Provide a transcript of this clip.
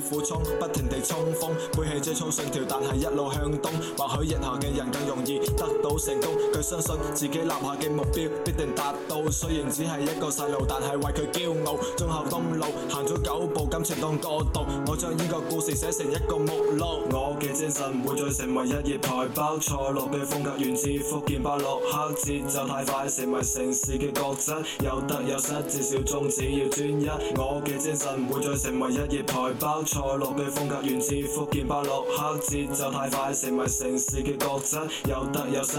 .苦衷，不停地衝鋒，背起遮衝信條，但係一路向東。或許日後嘅人更容易。成功，佢相信自己立下嘅目標必定達到。雖然只係一個細路，但係為佢驕傲。綜合公路行咗九步，感情當過渡。我將呢個故事寫成一個目錄。我嘅精神唔會再成為一葉牌包菜。落貝風格源自福建巴洛克，節奏太快，成為城市嘅國質，有得有失，至少宗旨要專一。我嘅精神唔會再成為一葉牌包菜。落貝風格源自福建巴洛克，節奏太快，成為城市嘅國質，有得有失。